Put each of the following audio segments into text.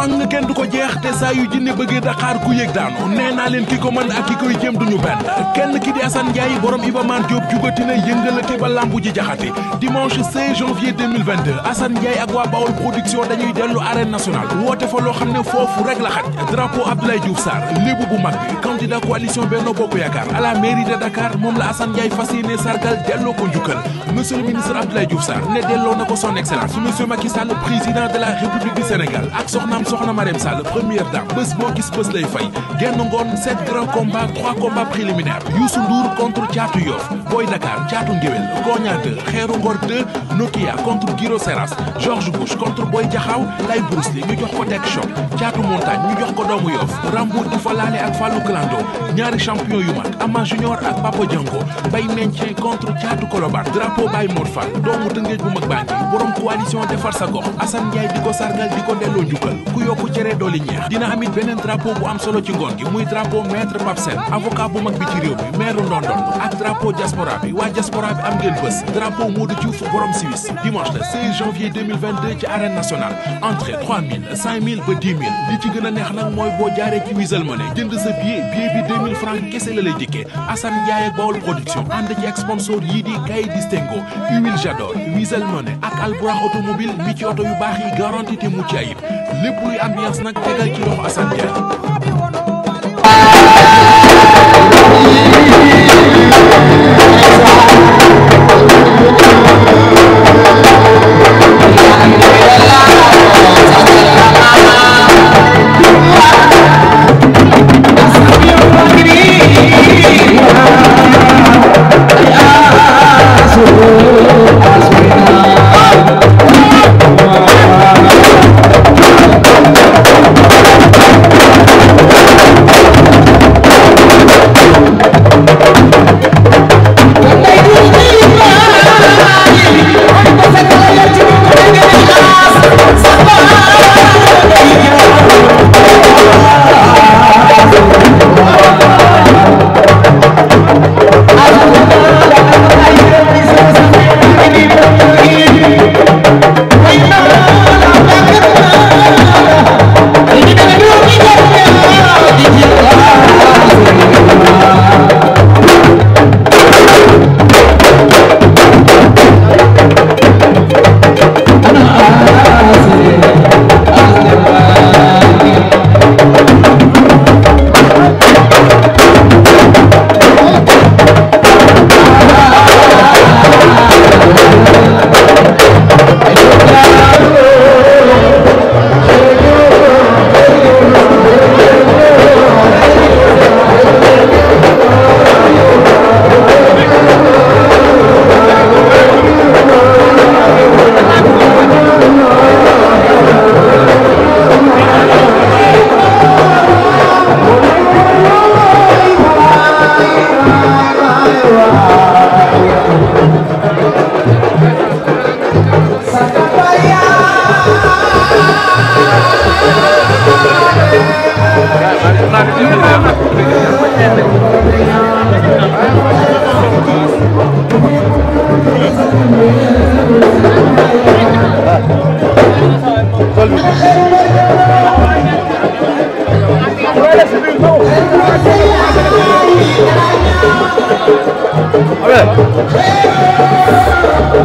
fang kenn du ko jeex te saa yu jinne bëggee Dakar ku yëg daanu nee leen ki ko mën ak ki koy jéem duñu benn kenn ki di Assane borom Iba Mar Diop jugati ba lambu jaxati dimanche 16 janvier 2022 ak waa Bawol production dañuy dellu arène nationale woote fa loo xam ne foofu rek la xaj drapeau Abdoulaye Diouf Sarr lébu bu mag bi candidat coalition Bokk Yaakaar à de Dakar moom la Assane Ndiaye fas yéene sargal delloo ko njukkal monsieur soxna Marème Sall première dame bés boo gis bés lay fay genn ngoon sept grands combats trois combats préliminaires Youssou Ndour contre Thiatou Boy Dakar Thiatou Ngéwél Koña 2 Xeeru Ngor 2 Nokia Giro Seras George Bush contre Boy Jaxaw Lay Bruce Lee ñu jox ko Tek Choc Thiatou Montagne ñu jox ko doomu Yoff Rambour di fa laale ak Fallou Clando ñaari champion yu mag Ama Junior ak Papa Django Bay Mentien contre Thiatou Kolobar drapeau Bay Mor doomu Tëngéej bu mag baa ku yokku cere dooli ñeex dina amit beneen drapeau bu am solo ci ngoon gi muy drapeau maître Papsen avocat bu mag bi ci réew mi maire Ndondon ak drapeau diaspora bi waa diaspora bi am ngeen bés drapeau Modou Diouf borom Suisse dimanche le janvier ci arène nationale entrée ba 10 000 li ci gën neex nag mooy boo jaaree ci Wizall jënd sa billet billet bi francs kese la lay dikkee Assane Ndiaye ak Bawol production ànd ci sponsor yii di Kay Distingo Huile Jador buy ambiance nag tegal ci loxo Assane Diagne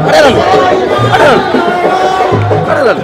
Adalal adalal adalal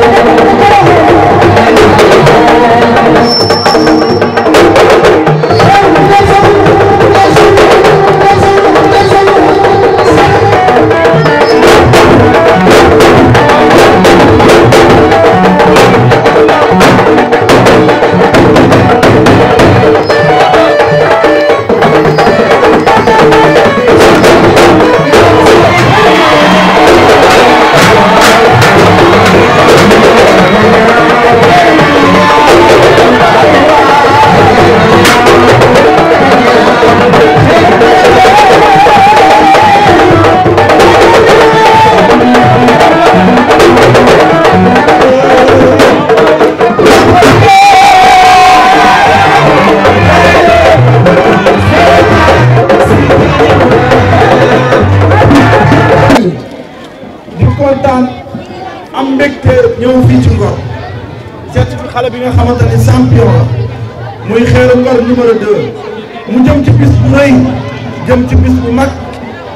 kontaan am mbégte ñëw fii ci Ngor seet xale bi nga xamante ne champion la muy Xeeru Ngor numéro 2 mu jëm ci bis bu rëy jëm ci bis bu mag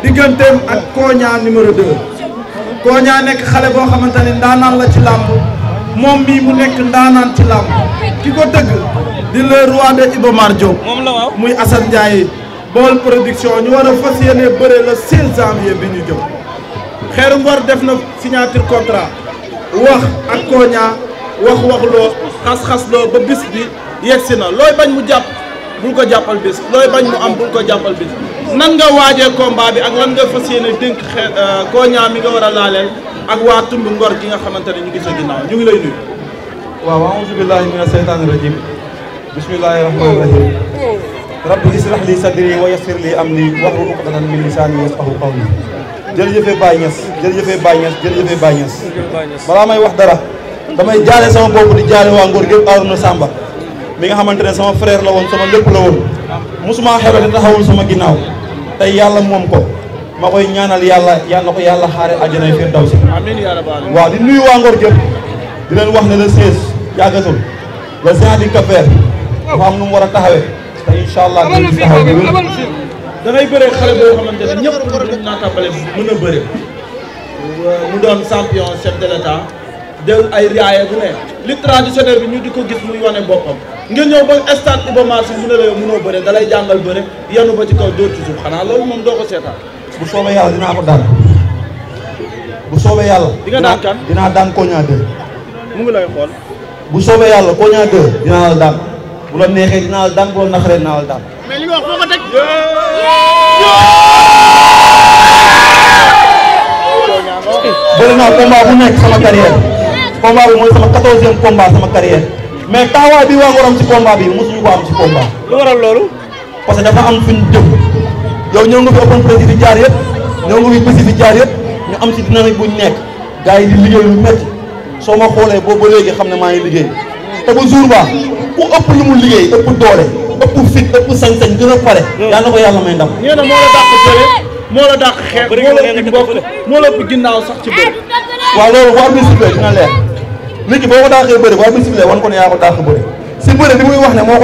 digganteem ak Koña numéro 2 Koña nekk xale boo xamante ne ndaanaan la ci làmb moom mii mu nekk ndaanaan ci làmb ki ko dëgg di le roi de Iba Mar Diop muy Assane Ndiaye Baol Production ñu war a fas yéene bëre le 16 janvier bi ñu jëm. Xeeru Ngor def na signature contrat wax ak Koña wax wax loo xas-xas loo ba bis bi yegsi na looy bañ mu jàpp bul ko jàppal bis looy bañ mu am bul ko jàppal bis nan nga waajee komba bi ak lan nga fas yéene dénk xeer euh, Koña mi nga war a laaleel ak waa tund Ngor gi nga xamante ne ñu ngi sa ginnaaw ñu ngi lay nuyu. waaw aouzu billahi mina seytaani rajim bismillahi rahmaani rahim rabbi israh li sadri wa yassir li amri wahlul uqdatan min lisani yafqahu jërëjëfee Baye Niass jërëjëfee Baye Niass jërëjëfee Baye Niass balaa may wax dara damay jaale sama bopp di jaale waa Ngor gépp Arouna Samba mi nga xamante ne sama frère la woon sama lépp la woon mosuma xewle te taxawul sama ginnaaw tey yàlla moom ko ma koy ñaanal yàlla yàlla ko yàlla xaare àjjanay firdawsi waaw di nuyu waa Ngor gépp di leen wax ne le 16 yàggatul le gen di kapeer ma am nu mu war a taxawee te incha allah dinañ ci taxaw da ngay bëree xale boo xamante ne ñëpp duñ naa tàmbale mën a bëri euh, mu doon champion chef de l'État jël ay riaaya bu ne li traditionnel bi ñu di ko gis muy wane boppam ngeen ñëw ba stade Iba Mar Diop mu la mënoo bëre da lay jàngal bëre yanu ba ci kaw dóor ci xanaa loolu moom doo ko seetaan. bu soobee yàlla dinaa ko daan bu soobee yàlla. di nga daan kan dinaa daan Kogna 2. mu ngi lay xool. bu soobee yàlla Kogna 2 dinaa la daan. bu la neexee dinaa la daan bu la naxaree dinaa la daan. mais li nga wax foo ko teg. bëri naa combat bu nekk sama carrière combat bi mooy sama quatorzième combat sama carrière mais taxawaay bi waa ko am ci combat bi mosuñu ko am ci combat. lu waral loolu. parce que dafa am fuñ jëm yow ñoo nga fi open presse fi jaar yëpp ñoo nga fi bés fi jaar yëpp ñu am ci dynamique buñ nekk gars yi di liggéey lu métti soo ma xoolee boobu ba léegi xam ne maa ngi liggéey. te jour ba ku ëpp lu mu liggéey ëpp doole ëpp fit ëpp sañ-sañ a pare. Mm. yàlla yàlla may ndam. nee moo la dàq bëre moo la dàq xeex moo la ëpp mbokk moo la ëpp ginnaaw sax ci bëre. waaw loolu bu arbitre sifflé dina leer nit muy wax ne moo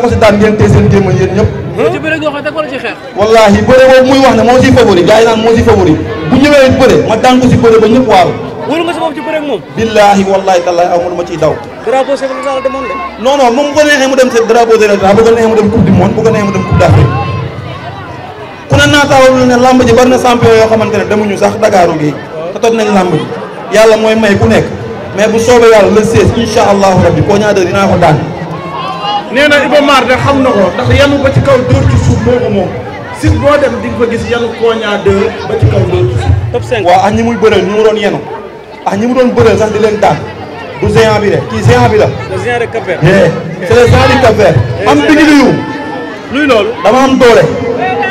ko si daan ngeen a yéen ñëpp. ci bëre goo xam ne wala ci xeex. wallaahi bëre boobu muy wax ne moo si favori gars yi naan moo si favori bu ñëwee bëre ma daan ko si bëre ba ñëpp waaru. wóolu nga sa bopp ci bëre ak moom. billaahi wallaahi tallaahi amul ma ciy daw drapeau Sénégal demoon de. non non moom bu ko neexee mu dem sa drapeau Sénégal bu ko neexee mu dem coupe du bu ko neexee mu dem coupe d'Afrique ku ne naataawul lu ne làmb ji bari na yoo xamante ne demuñu sax Dakaaru gi te toj nañ làmb ji yàlla mooy may ku nekk mais bu soobee yàlla la 16 incha allahu rabbi koo ñaata dinaa ko daan. nee na Iba Mar de xam na ko ndax yanu ba ci kaw dóor ci suuf moo ko moom sit boo dem di nga gis yanu kooñaa deux ba ci kaw dóor top 5 waaw ak ñi muy mu doon yenu ak ñi mu doon di leen daan. du géant bi de kii géant bi la. le géant de cap eh, eh, am bigi di luy loolu. dama am doole.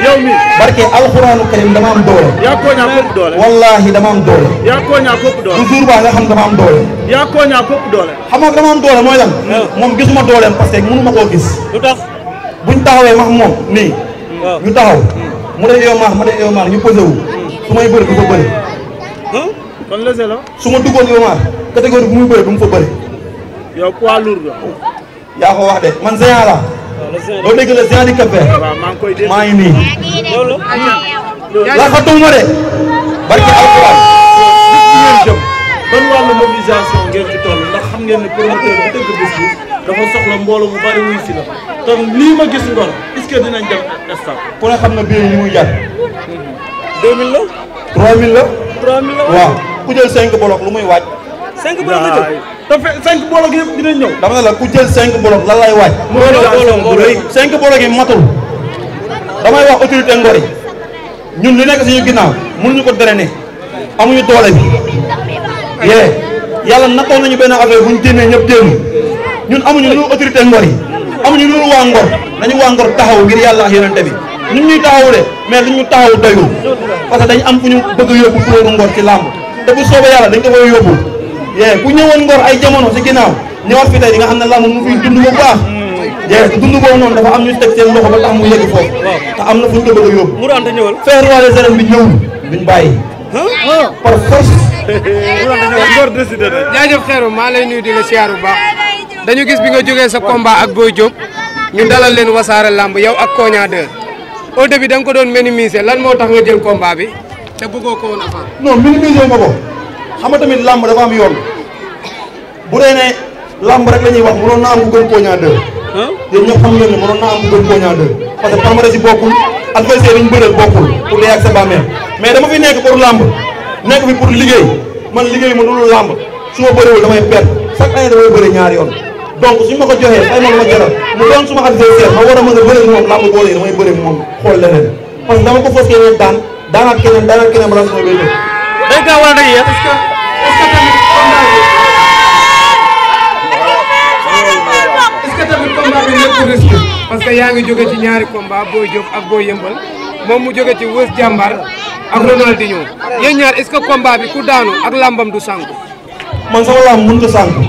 yow mi barke alxuraanu karim dama am doole. yaa kooñaa kopp doole. wallaahi dama am doole. yaa kooñaa kopp doole. toujours ba nga xam dama am xam doole mooy lan. Eh. moom gisuma dooleem parce que mënu ma koo gis. lu tax buñ taxawee wax moom nii. ñu taxaw mu ne yow maax ma ne yow ñu posé hmm. su may bëri du ko bëri. Hmm? su ma duggoon yow catégorie bu muy bëri bu mu fa bëri. yow poids lourd la. yaa ko wax de man géant la. doo dégg la géant di cap maa ngi koy dégg maa ngi nii. loolu la. de. barke alquran. ngeen jëm ban wàllu mobilisation ngeen ci xam ngeen ne promoteur bu dëgg bés bi dafa soxla mbooloo mu bari wuy si la te lii ma gis Ngor est-ce que dinañ dem instant. ku ne xam na biir yi muy jar. 2000 ku jël 5 bolok lu muy wàcc. cinq bolok la jël te fe cinq bolok yëpp dinañ ñëw. dama ne la ku jël cinq bolok lan lay waaj. mbooloo cinq bolok yi matul. damay wax autorité ngor yi ñun li nekk suñu ginnaaw mënuñu ko drainer amuñu doole bi. yee yàlla nattoon nañu benn affaire bu ñu génnee ñëpp téemu ñun amuñu lu autorité ngor yi amuñu lu waa ngor nañu waa ngor taxaw ngir yàlla ak yonente bi ñun ñuy taxaw de mais lu ñu taxaw doyul parce que dañ am fu ñu bëgg yóbbu fleuron ngor ci làmb te bu soobee yàlla dañ ko fay yóbbu. yee ku ñëwoon Ngor ay jamono si ginnaaw ñëwaat fi tey nga xam ne làmb mu fi dund bu baax yee dund boobu noonu dafa am ñu teg seen loxo ba tax mu yegg foofu te am na fu ñu ko bëgg a yóbbu feer waale sereen bi ñëwul duñ bàyyi par force Ngor décidé na maa lay nuyu di la siyaar baax dañu gis bi nga jógee sa combat ak Boy Diop ñu dalal leen wasaare làmb yow ak Kogna 2 au début da nga ko doon minimiser lan moo tax nga jël combat bi te bëggoo ko woon avant non minimiser ma ko xam nga tamit làmb dafa am yoon bu làmb rek la ñuy wax mënoon naa am ku gën Konia 2. yéen ñëpp xam ngeen ne am ku gën Konia 2 parce que palmarès yi bokkul adversaire yi ñu bëreel bokkul pour dee ak sa bàmmeel mais dama fi nekk pour làmb nekk fi pour liggéey man liggéey ma dul làmb su ma bëriwul damay perte chaque année damay bëri ñaari yoon donc suñ ma ko joxee ay ma ma jaral a doon ma war a mën a bëri moom làmb boole yi damay bëri moom xool leneen parce que dama ko fas yéene daan daanaat keneen day gaaw wala day parce que yaa ngi jóge ci ñaari combat booy jóg ak booy yëmbal moom mu jóge ci wës jàmbaar ak Ronaldinho yéen ñaar est-ce que combat bi ku daanu ak làmbam du sànku. man sama làmb mënut a sànku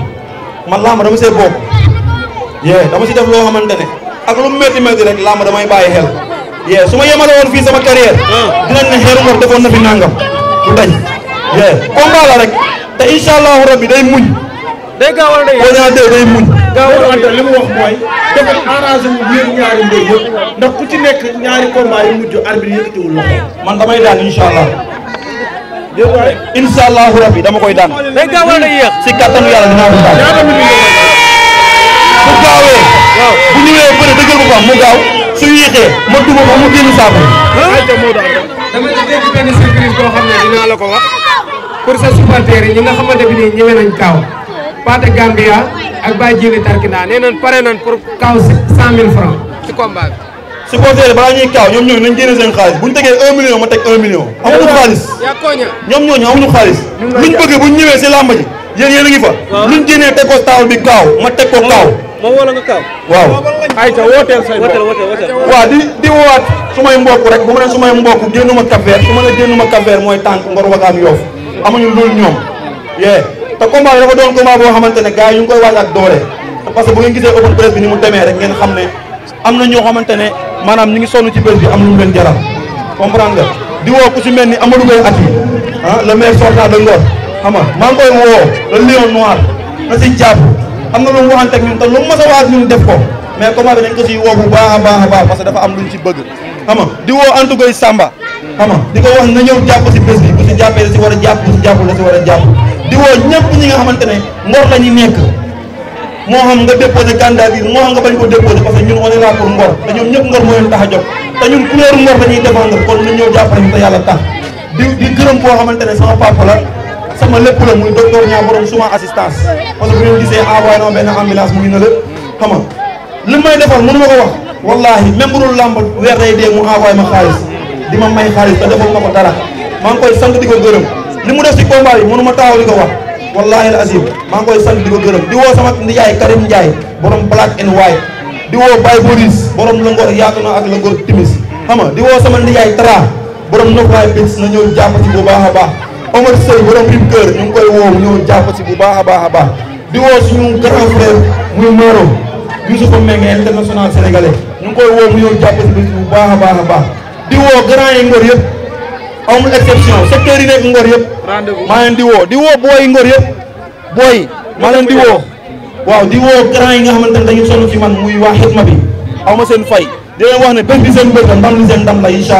man làmb dama see bokk yee dama si def xamante ne ak lu métti métti rek làmb damay su ma yemale woon fii sama carrière ah. dinañ ne Xeeru na fi nangam. bu dañ. yee combat la rek te incha allahu rabi day muñ. a day Boy Niang 2 day muñ. gaawul ante ci nekk ñaari combat yu mujj arbitre yëkkatiwul loxo man damay daan incha allahu rabi dama koy daan. day gaawal day yéex. si kattanu yàlla dinaa ko daan. bu gaawee. mu gaaw su yéexee ma duma mu génn saako. dama ci dégg benn surprise boo xam ne dinaa la ko wax pour sa supporters yi ñi nga xamante bi nii ñëwee nañ kaaw Pate Gambia ak Baye Djili Tarkina nee nañ pare nañ pour kaaw cent mille francs ci combat bi. supporters yi balaa ñuy kaaw ñoom ñooñu nañ génne seen xaalis bu ñu tegee un million ma teg un million. amuñu xaalis ñoom ñooñu amuñu xaalis. luñ bëgg bu ñu ñëwee si làmb ji yéen yéen a ngi fa. luñ génnee teg ko taaw bi kaaw ma teg ko kaaw. moom wala nga kaw. waaw ayca wooteel say mbokk waaw di di woowaat su may mbokk rek bu ma ne su may mbokk génnuma Cap-Vert su ma ne mooy tànk Ngor Wakaam Yoof amuñu loolu ñoom yee te combat bi dafa doon combat boo xamante ne gars yi ñu ngi koy waaj ak doole parce que bu ngeen gisee open presse bi ni mu demee rek ngeen xam ne am na ñoo xamante ne maanaam ñu ngi sonn ci bés bi am lu mu leen jaral comprendre nga di woo ku si mel ni Amadou Gueye at yi ah le maire sortant de Ngor xam nga maa ngi koy woo le lion noir am na lu mu waxante ak ñun te lu mu mos a waat ñun def ko mais combat bi dañ ko siy woo bu baax baax baax parce dafa am luñ ci bëgg xam nga di nga ko wax na ñëw jàpp si bés bi bu si jàppee la si war a jàpp bu si war a jàpp di woo ñëpp ñi nga xamante ne ngor la ñu nekk moo xam nga déposé bi moo xam nga ko déposé parce que ngor te ñoom ñëpp ngor moo leen a jóg la ñuy défendre kon ñu ñëw jàppale ñu te yàlla tax di di gërëm koo xamante ne sama papa sama lépp la muy docteur ñaa borom suma assistance parce que bu ngeen gisee envoyé na ma benn ambulance mu ngi na la xam nga may defal mënu ma ko wax wallahi même bu làmb weer day mu envoyé ma xaalis di ma may xaalis te defal ma ko dara maa ngi koy sant di ko gërëm li mu def si combat yi mënu ma taxaw di ko wax wallahi al azim koy sant di ko gërëm di woo sama nijaay Karim Ndiaye borom black and white di woo Baye Boris borom la ngor yaatu na di woo sama nijaay Tra borom nofaay a Omar Seye borom Rip Keur ñu ngi koy woow ñëw jàpp si bu baax a baax a baax di woo suñu grand frère muy Moro Youssoupha Mbengue international sénégalais ñu ngi koy woo mu ñëw jàpp si bu baax a baax a baax di woo grand yi ngor yëpp amul exception secteur yi nekk ngor yëpp maa leen di woo di woo booy ngor yëpp booy maa leen di woo waaw di woo grand yi nga xamante ne dañu sonn ci man muy waa xitma bi aw ma seen fay di leen wax ne benn di seen mbër ndam li seen ndam la incha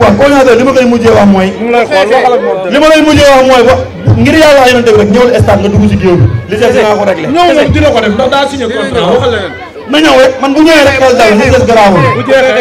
waaw coordinateur li ma koy mujjee wax mooy. li ma koy mujjee wax mooy wax ngir yàlla ay yonent bi rek ñëwul stade nga dugg si géew bi. li des naa ko réglé. ñëw moom dina ko def ndax daa signé contrat waxal leneen. na ñëw rek man bu ñëwee rek xel dal li des garaawul.